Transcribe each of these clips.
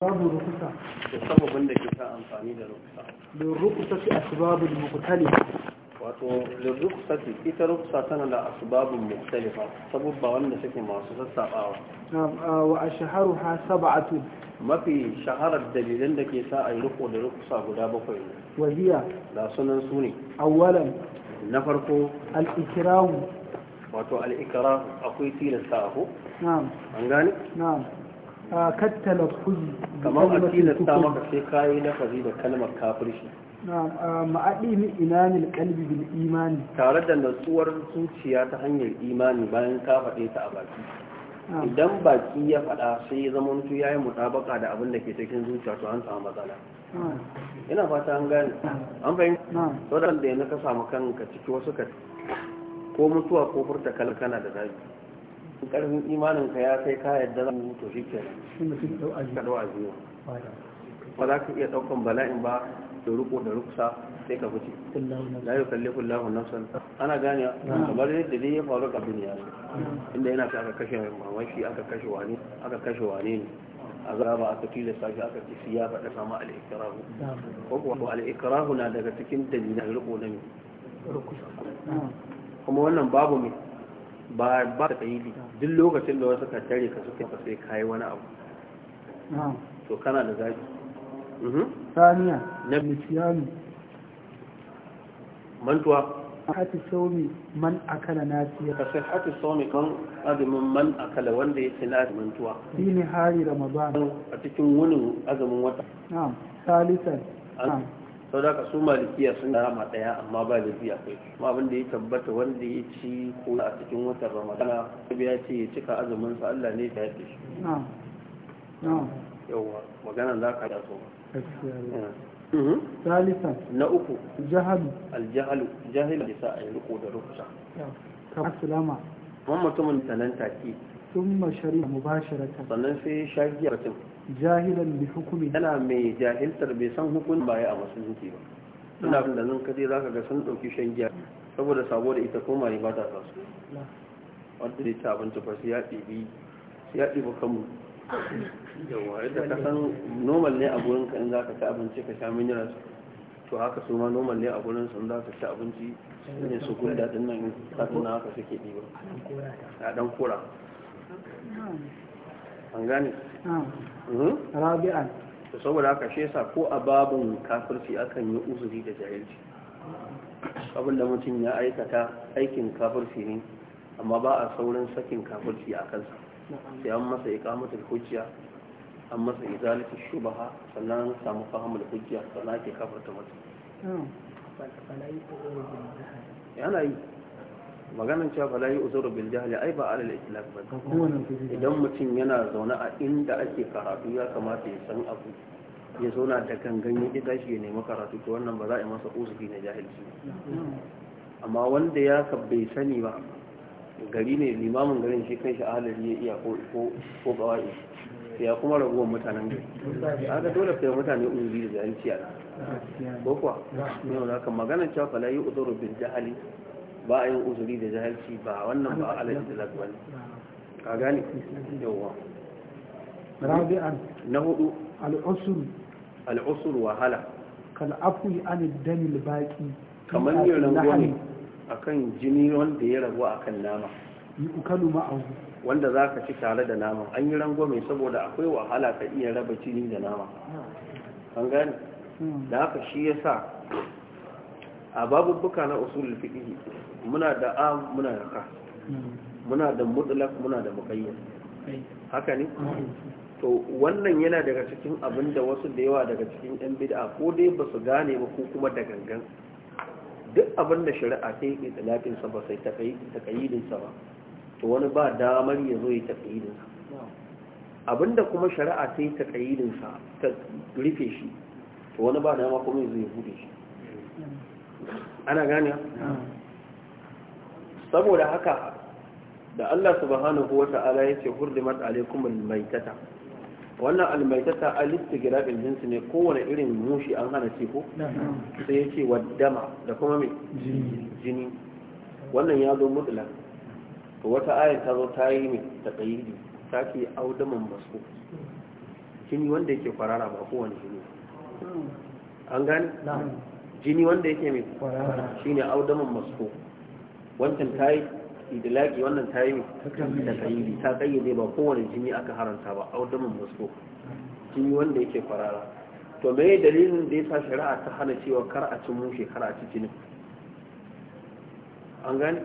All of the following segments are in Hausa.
babu rukusa da sababin da ke sa amfani da rukusa da rukusa ce asbabul mukhtalifa wato da rukusa ce ita rukusa tana da asbabul mukhtalifa sababba wanda suke masu sassabawa wa ashharuha sab'atun mafi shaharar dalilan da ke sa a yi da rukusa guda bakwai ne wahiya da sunan su ne awwalan na farko al-ikrahu wato al-ikrahu akwai tilasta ko na'am an gane na'am kattala kuzi. kamar a tilasta maka sai kayi lafazi da kalmar kafirci ma'adini inanin kalbi bin imani tare da natsuwar zuciya ta hanyar imani bayan ka faɗe ta a baki idan baki ya faɗa sai ya zama mutu ya yi mutabaka da abin da ke cikin zuciya to an samu matsala ina fata an gane an fahimta wadanda ya ka samu kanka ciki wasu ka ko mutuwa ko furta kalkana da zabi Ƙarfin karfin imanin ka ya kai ka yadda za mu to shike ba za ka iya ɗaukan bala'in ba da ruko da ruksa sai ka fice la yukallifu nan nafsan ana gane kamar yadda dai ya faru ga duniya inda yana ta aka kashe mamaki aka kashe wani aka kashe wani ne ka aka tilasta shi aka kisi ya faɗa sama al'ikirahu ko kuwa al'ikirahu na daga cikin dalilan ruko na mai kuma wannan babu mai ba da ta yi duk lokacin da wasu ka tare ka suke ka sai kai wani abu to kana da zafi mhm. saniya na misiyanu mantuwa hati saumi man akala nasiya ka sai hati saumi kan azumin man akala wanda ya ci na mantuwa shi ne hari ramadan a cikin wunin azumin wata na'am salisan sau da ka su malikiya sun da rama ɗaya amma ba da biya kai kuma abin da ya tabbata wanda ya ci ko a cikin watan ramadana ya ce ya cika azumin sa Allah ne ta yafe shi yawa magana za ka mhm. da so ثالثا نأكو جهل الجهل جهل لساء يلقو درقسا كما mutumin sanan take ثم شرب مباشرة sannan sai shagiya mutum jahilan bi hukumi yana mai jahiltar bai san hukun baya a musulunci ba suna da nan kaje za ka ga sun ɗauki shan giya saboda sabo da ita koma ne ba ta sa su wadda da ta abinci fa su yaɗi bi su yaɗi ba kanmu yawa yadda ka san normal ne a gurin ka in za ka ci abinci ka sha mineral to haka su ma normal ne a gurin sun za ka ci abinci ne su kun daɗin nan kafin na haka suke ɗiba a ɗan kora an gane mm-hmm. rabi'an to saboda haka shi yasa ko a babun kafirci akan yi uzuri da jahilci abinda mutum ya aikata aikin kafirci ne amma ba a saurin sakin kafirci a kansa sai an masa ya iqamatul hujja an masa izalatul shubaha sannan samu fahimul hujja sannan ake kafarta mutum yana yi maganan cewa fala yi uzuru bil jahli ai ba al islam ba idan mutum yana zaune a inda ake karatu ya kamata ya san abu ya zauna da gangan ya shi ya nemi karatu to wannan ba za a yi masa uzuri na jahilci amma wanda ya bai sani ba gari ne limamin garin shi kan shi ahalar ya iya ko bawai ya kuma raguwar mutanen gari aka dole sai mutane uzuri da jahilci a ko kuwa ne da kan maganar cewa fala yi uzuru bil jahli ba a yin uzuri da jahilci ba wannan ba alaji da lagwani ka gane yawa na hudu al'usur al'usur wahala kal'afu an damil baki kamar yin rango ne akan jini wanda ya rabu akan nama yi ukalu ma'ahu wanda za ka ci tare da nama an yi rango mai saboda akwai wahala ka iya raba jini da nama ah. an gani hmm. da haka shi ya sa a babubuka na usulul fiqh muna da am muna da ka, muna da mutlaq muna da muqayyad haka ne to wannan yana daga cikin abin da wasu da yawa daga cikin yan bid'a ko dai ba su gane ba ko kuma da gangan duk abin da shari'a ta yi itlaqin sa ba sai taqayyidin sa ba to wani ba damar ya zo ya taqayyidin sa abinda kuma shari'a ta yi taqayyidin sa ta rufe shi to wani ba dama kuma ya zo ya bude shi ana gani saboda haka da Allah subhanahu wata'ala yake hurdimat alaikum almaitata wannan almaitata alistigrabin jinsi ne kowane irin mushi an hana ce ko sai yake waddama da kuma me jini wannan ya zo mutla to wata ayar ta zo ta yi mai ta kayyidi ta ce audaman basu jini wanda yake kwarara ba kowane jini an gane jini wanda yake mai shine audaman masko wancan ta yi idilaki wannan ta yi da kayyidi ta kayyade ba kowane jini aka haranta ba audaman masko jini wanda yake farara to me dalilin da ya sa shari'a ta hana cewa kar a ci mushe kar a ci jini an gani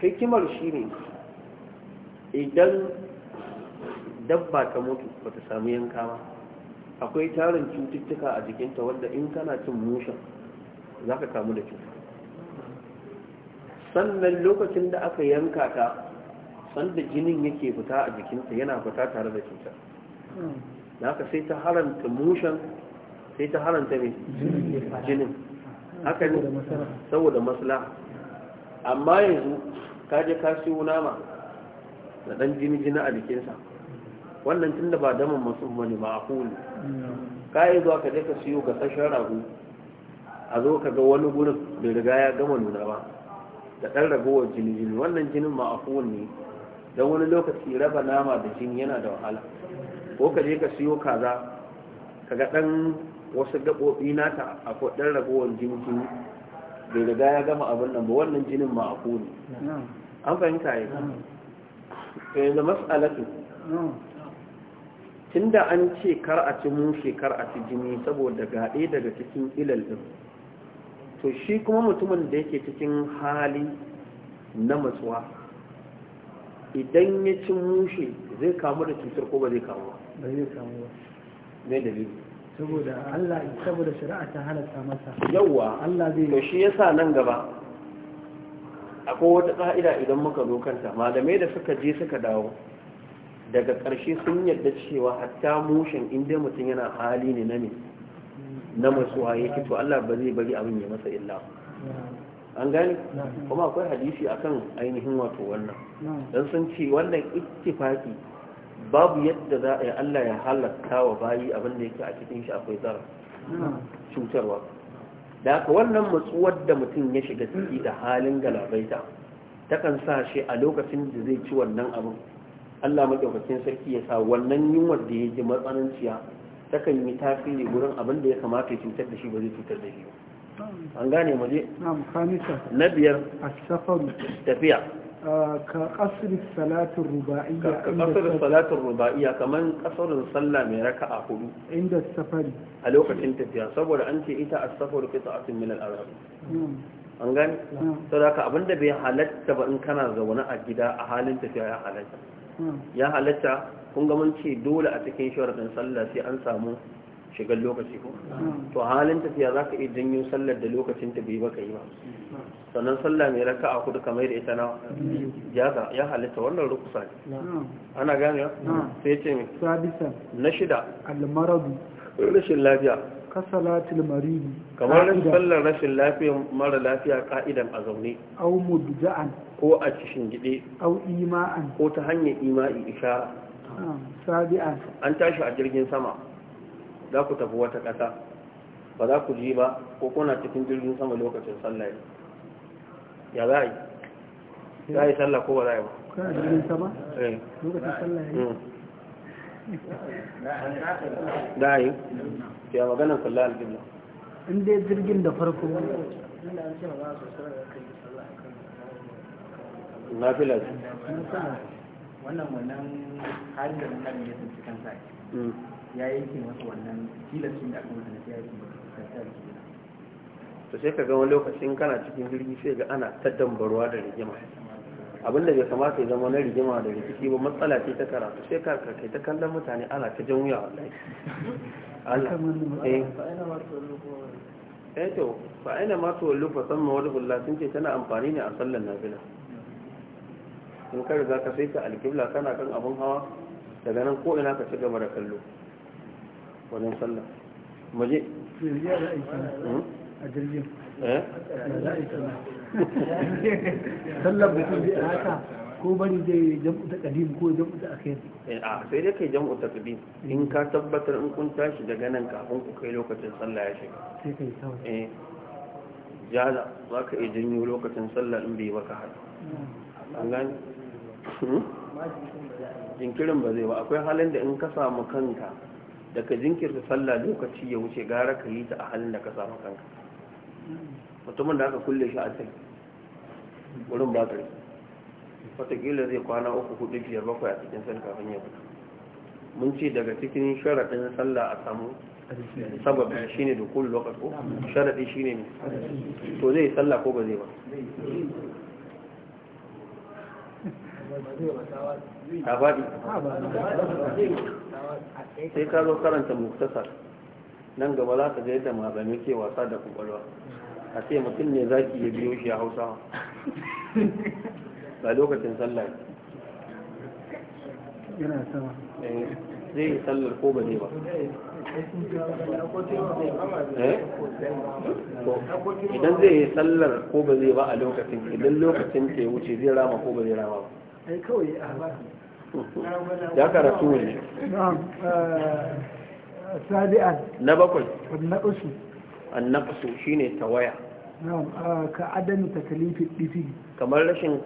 hikimar shi ne idan dabba ta mutu ba ta samu yanka ba akwai tarin cututtuka a jikinta wanda in kana cin mushen za ka kamu da cuta sannan lokacin da aka yanka ta sanda jinin yake fita a jikinta yana fita tare da cuta da aka sai ta haranta mushen sai ta haranta ne jinin haka ne saboda masla amma yanzu kaje ka siyo nama da dan jini jini a jikinsa wannan tun da ba daman masu ba ne kuli ka yi zuwa ka je ka siyo ga sashen rago a zo ka ga wani gurin da riga ya gama nuna ba da ɗan ragowar jini jini wannan jinin ma'akulu ne don wani lokaci raba nama da jini yana da wahala ko ka je ka siyo kaza ka ga ɗan wasu gaɓoɓi nata a ɗan ragowar jini jini da riga ya gama abin nan ba wannan jinin ma'akulu an fahimta ya eh, yanzu mas'alatu tunda an ce kar a ci mushe kar a ci jini saboda gaɗe daga cikin ilal ɗin to shi kuma mutumin da yake cikin hali na matsuwa idan ya ci mushe zai kamu da cutar ko ba zai kamu ba zai kamu ba mai dalili saboda Allah saboda shari'a ta halatta masa yawa Allah zai to shi yasa nan gaba akwai wata ka'ida idan muka zo kanta malamai da suka je suka dawo daga ƙarshe sun yarda cewa hatta mushin inda mutum yana hali ne na na masuwa ya to Allah ba zai bari abin ya masa illa an gani kuma akwai hadisi akan ainihin wato wannan don sun ce wannan ittifaki babu yadda za a yi Allah ya halatta wa bayi abin da yake a cikin shi akwai zara cutarwa da haka wannan matsuwar da mutum ya shiga ciki da halin galabaita takan sa shi a lokacin da zai ci wannan abin Allah madaukakin sarki ya sa wannan yunwar da ya ji matsananciya kan yi tasiri gurin abin da ya kamata ya cutar da shi ba zai cutar da shi ba. an gane mu na biyar a asafar tafiya ah, ka kasirin salatin ruba'iyya ka kasirin salatin ruba'iyya kamar kasirin sallah mai raka a hudu inda safari a lokacin tafiya saboda an ce ita asafar fita a min al-arab an gane saboda abin da bai halatta ba in kana zaune a gida a halin tafiya ya halatta Hmm. ya halatta kun ga mun ce dole a cikin shawarar sallah sai an samu shigar lokaci ko hmm. to halin tafiya za ka iya janyo sallar da lokacin ta bai baka yi ba hmm. sannan sallah mai raka a kudu kamar da ita na ya halitta wannan rukusa ne ana gane sai ce mai na shida almaradu rashin lafiya kasalatil maridi kamar nan sallar rashin lafiya mara lafiya ka'idan a zaune au mudja'an ko a cikin gide aw ima'an ko ta hanyar ima'i ishara sabi'an an tashi a jirgin sama za ku tafi wata kasa ba za ku ji ba ko kuna cikin jirgin sama lokacin sallah ya za a yi za yi sallah ko ba za a yi ba kana jirgin sama eh. lokacin sallah mm. da yi ya magana kula aljibla in dai jirgin da farko na filas wannan wannan halin da mutane ya tsinci kansa mm. ya yanke masu wannan tilasin da aka mutane ya yanke ta kansa sai ka ga wani lokacin kana cikin jirgi sai ga ana ta dambarwa da rigima abin da bai kamata ya zama na rigima da rikici ba matsala ce ta karatu sai ka kai ta kallon mutane ala ta jan wuya wallahi Allah eh. eh to fa aina ma to lufa samma wa sun ce tana amfani ne a sallar nafila in ka riga ka sai ka alkibla kana kan abun hawa daga nan ko ina ka ci gaba da kallo wajen sallah muje hmm? a jirgin eh sallar mutum zai haka ko bari zai jam'u ta kadim ko jam'u ta akhir eh, a sai dai kai jam'u ta kadim in ka tabbatar in kun tashi daga nan kafin ku kai lokacin sallah ya shiga sai kai kawai eh jala za ka iya janyo lokacin sallah in bai baka hada an gani hmm? jinkirin ba zai ba akwai halin da in ka samu kanka da ka jinkirta sallah lokaci ya wuce gara ka yi ta a halin da ka samu kanka mutumin da aka kulle shi a can wurin ba ƙarfi watakila zai kwana uku hudu biyar bakwai a cikin san kafin ya fita mun ce daga cikin sharaɗin sallah a samu sababin shi ne da kullum lokaci ko sharaɗi shi ne to zai sallah ko ba zai ba a faɗi sai ka zo karanta muktasar nan gaba za ka zai da malamai ke wasa da kwakwalwa a ce mutum ne zaki ya biyo shi a hausa ba lokacin sallar eh, zai yi sallar ko ba zai ba eh? idan zai yi sallar ko ba zai ba a lokacin idan lokacin ke wuce zai rama ko ba zai rama ba ya karatu ne eh, na bakwai na shi ne ta tawaya ka adami takalifin ɗifi kamar rashin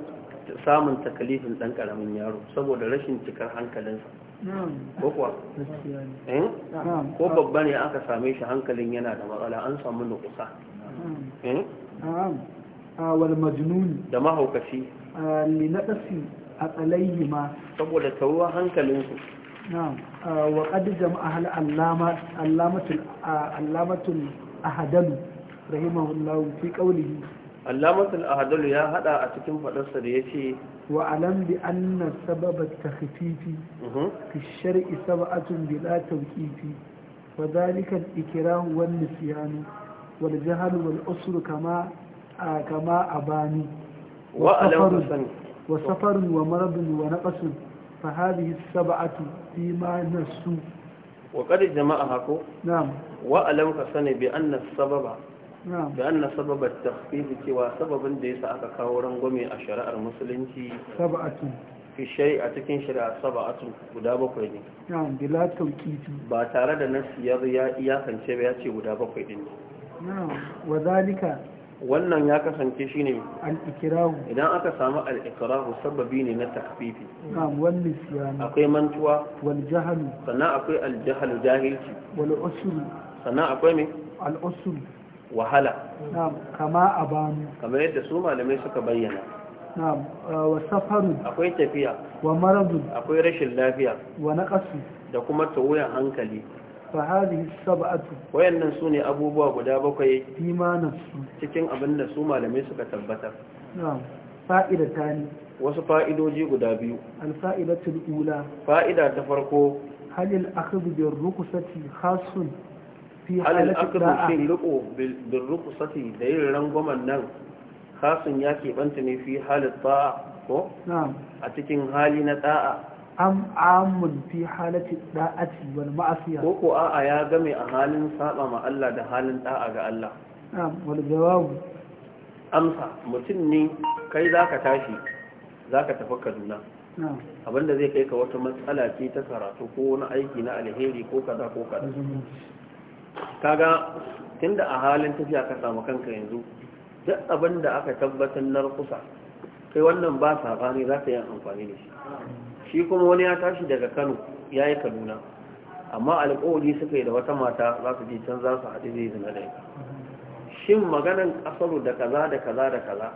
samun takalifin ɗan ƙaramin yaro saboda rashin cikar hankalinsa ko kuwa eh? ko babba ne aka same shi hankalin yana da matsala an samu nukusa eh? wal majnun da mahaukaci linadasi a tsalayi ma saboda taruwa hankalinsu wa ƙadi jama'a hal allamatul ahadalu rahimahullahu fi qawlihi Allama al-ahadul ya hada a cikin fadarsa da yace wa alam bi anna sababa takhfifi mhm. fi shar'i sab'atun bila tawqifi wa dhalika al-ikrah wan nisyan wal jahl wal usr kama kama abani wa alam wa safarun wa maradun wa naqasun fa hadhihi as-sab'atu fima nasu وقد جمعها كو نعم sani كسني بأن sababa. da an na sababar tafiye cewa sababin da ya sa aka kawo rangwame a shari'ar musulunci fi shari a cikin shari'ar saba'atu guda bakwai ne bila ba tare da nasi ya kance ba ya ce guda bakwai din wannan ya kasance shi ne idan aka samu al'ikirahu sababi ne na takfifi akwai mantuwa sannan akwai aljahalu jahilci sannan akwai mai al'usul wahala kama a banu kamar yadda su malamai suka bayyana wa akwai tafiya wa maradu akwai rashin lafiya wa naqasu da kuma tawuyan hankali fa hadhihi sab'atu wayannan sune abubuwa guda bakwai imanan su cikin abinda su malamai suka tabbata na'am fa'idatani wasu fa'idoji guda biyu al-fa'idatul ula fa'ida ta farko halil akhdhu bir rukusati khasun fi halin da'a shin riko bil ruqsati da yin rangwamen nan kasun ya keɓanta ne fi halin da'a ko a cikin hali na da'a am amun fi halati da'ati wal ma'asiya ko ko a'a ya game a halin saba ma Allah da halin da'a ga Allah amsa mutum ne kai za ka tashi za ka tafi Kaduna abinda zai kai ka wata matsala ce ta karatu ko wani aiki na alheri ko kaza ko kaza kaga tunda a halin tafiya ka samu kanka yanzu duk abin da aka tabbatar na rukusa kai wannan ba sabani za ka yi amfani da shi shi kuma wani ya tashi daga kano ya yi kaduna amma alƙawari suka yi da wata mata za su je can za su haɗu zai zina da shin maganan ƙasaru da kaza da kaza da kaza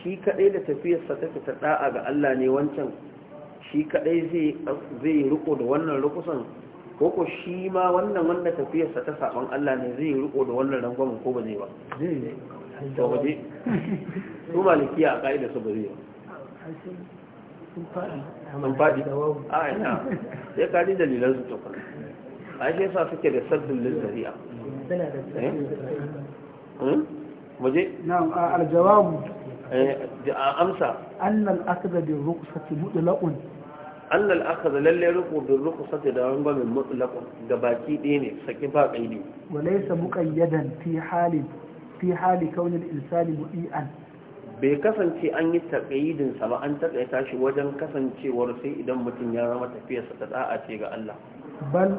shi kaɗai da tafiyarsa ta fita ɗa'a ga Allah ne wancan shi kaɗai zai riko da wannan rukusan ko ko shi ma wannan wanda tafiyarsa ta saban Allah ne zai riko da wannan rangwamin ko ba zai ba to waje, zai su malikiya a ka'ida su ba zai ba an faɗi a ina sai ka ji dalilan su tukun a shi yasa suke da sabbin lizzari'a waje eh? hmm? na'am aljawabu eh, amsa annal akhdha bi ruqsati mutlaqun lalaka da lalle ruku bi rukusati da rangwamin mutlaq ga baki ɗaya ne saki ba kaidi walaysa sa mukan yadan fi hali kauni insani mu'ian bai kasance an yi taƙaidin sa ba an taƙaita shi wajen kasancewar sai idan mutum ya zama tafiyarsa ta da'a ce ga Allah bal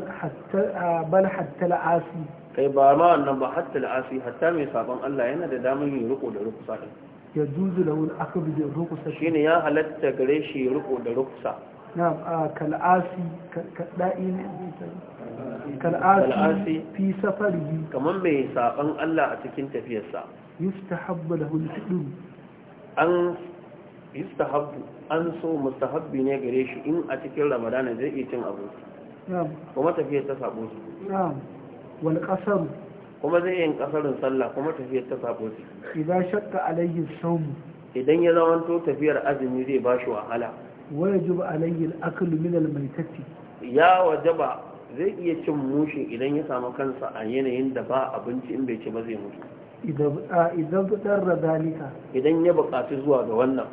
hatta la'asi kai ba ma wannan ba hatta la'asi hatta mai sabon Allah yana da damar yin riko da rukusa ya juzu lahu al-akhdhu bi shine ya halatta gare shi riko da rukusa نعم كالآسي كالدائي كالآسي في سفره كمان مي ساقن الله أتكين تفيسا يستحب له الفعل أن يستحب an so mustahabbi ne gare shi in a cikin ramadana zai iya cin abu kuma tafiyar ta sabo su wani kasar kuma zai yin kasarin sallah kuma tafiyar ta sabo su idan shakka alayhi sawm idan ya zama to tafiyar azumi zai bashi wahala ويجب عليه الأكل من الميتة يا وجب zai iya cin mushin idan ya samu kansa a yanayin da ba abinci in bai ci ba zai mutu idan fitar da zalika idan ya buƙaci zuwa ga wannan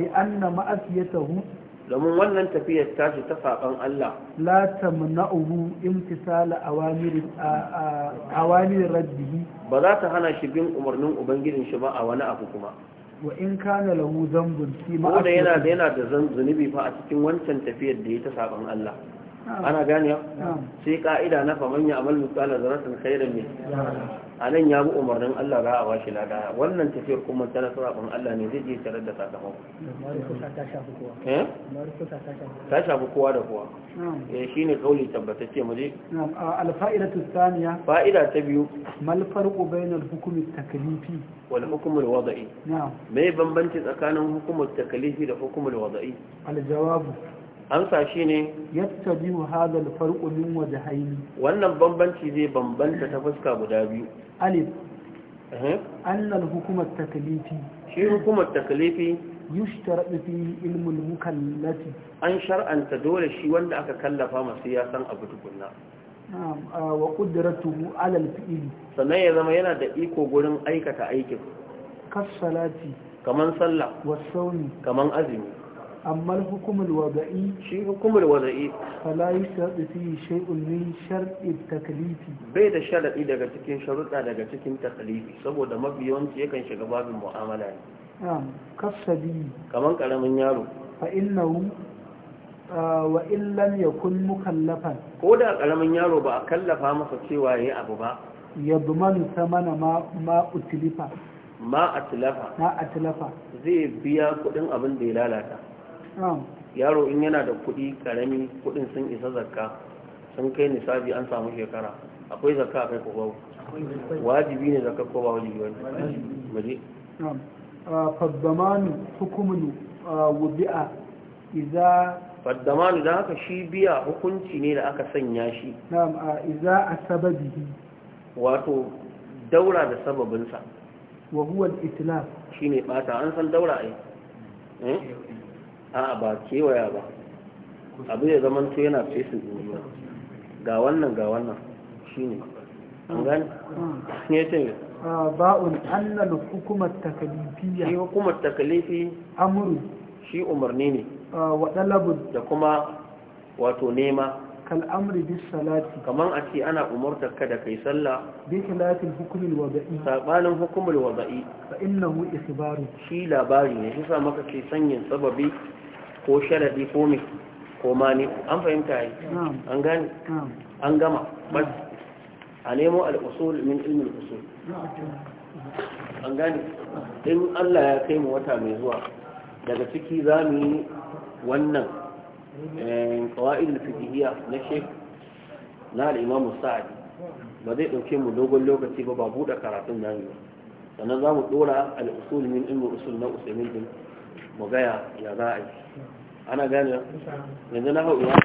li'anna ma'asiyatahu domin wannan tafiyar tashi ta saban Allah la tamna'uhu imtisala a awamir rabbih ba za ta hana shi bin umarnin ubangijin shi ba a wani abu kuma wa in kana lahu zambun fi ma'asiyati yana da yana da zunubi fa a cikin wancan tafiyar da ya ta saban Allah ana ganiya sai ka'ida na faman ya amal misalar zaratin khairan mai a nan ya bi umarnin Allah za a ba shi lada wannan tafiyar kuma ta nasara ban Allah ne zai jiye tare da sakamakon eh? ta shafi kowa da kowa shi eh, shine kauli tabbatacce mu je al ta saniya fa'ida ta biyu mal farqu hukumar takalifi. wani wal hukm wadai mai me bambanci tsakanin hukumar takalifi da hukumar wadai aljawabu amsa shi ne biyu hadal farqu waje haini. wannan bambanci zai bambanta ta fuska guda biyu alif annal hukumar takalifi. shi hukumar taklifi yushtaratu fi ilmu mukallafi an shar'anta dole shi wanda aka kallafa masu ya san abu tukunna wa qudratuhu alal al sannan ya zama yana da iko gurin aikata aikin kasalati kaman sallah Wasu wasawmi kaman azumi أما الحكم الوضعي شيء حكم الوضعي فلا يشترط فيه شيء من شرط التكليف بيد cikin إذا كتكين شرط إذا كتكين تكليف سبو دا مبيون يكن شغباب المعاملة نعم كالصبي كمان كلام يارو فإنه wa illam yakun mukallafan ko da karamin yaro ba a kallafa masa cewa yayi abu ba yadmanu samana ma ma utlifa ma atlafa ma atlafa zai biya kudin abin da ya lalata yaro in yana da kuɗi karami kuɗin sun isa zakka sun kai nisabi an samu shekara akwai zakka kai ko babu wajibi ne zakka ko ba wajibi wani maje faddamanu hukumun wubi'a iza faddamanu da haka shi biya hukunci ne da aka sanya shi na'am iza a sababihi wato daura da sababinsa wa huwa al-itlaf shine bata an san daura ai eh? a ba kewaya ba abu ya zama to yana fesin duniya ga wannan ga wannan ne. an gani ne ce ah, ba'un annal hukumar takalifiyya shi hukumar takalifi amuru shi umarni ne ah, wa dalabun da kuma wato nema amri bis salati kaman a ce ana umurtar ka da kai sallah bi salatin hukumul wada'i sabanin hukumul wada'i fa innahu ikhbaru shi labari ne yasa maka ce sanyin sababi ko sharadi ko mai ko mani an fahimta yi an gane an gama bas a nemo al'usul min ilmin usul an gane in Allah ya kai mu wata mai zuwa daga ciki za mu yi wannan ƙawa'id eh, fiqhiyya na Sheikh na al-Imam ba zai ɗauke mu dogon lokaci ba ba buɗe karatun nan ba sannan za mu ɗora al'usul min ilmin usul na usulmin din mu gaya ya za a yi ana gane yanzu na hau ina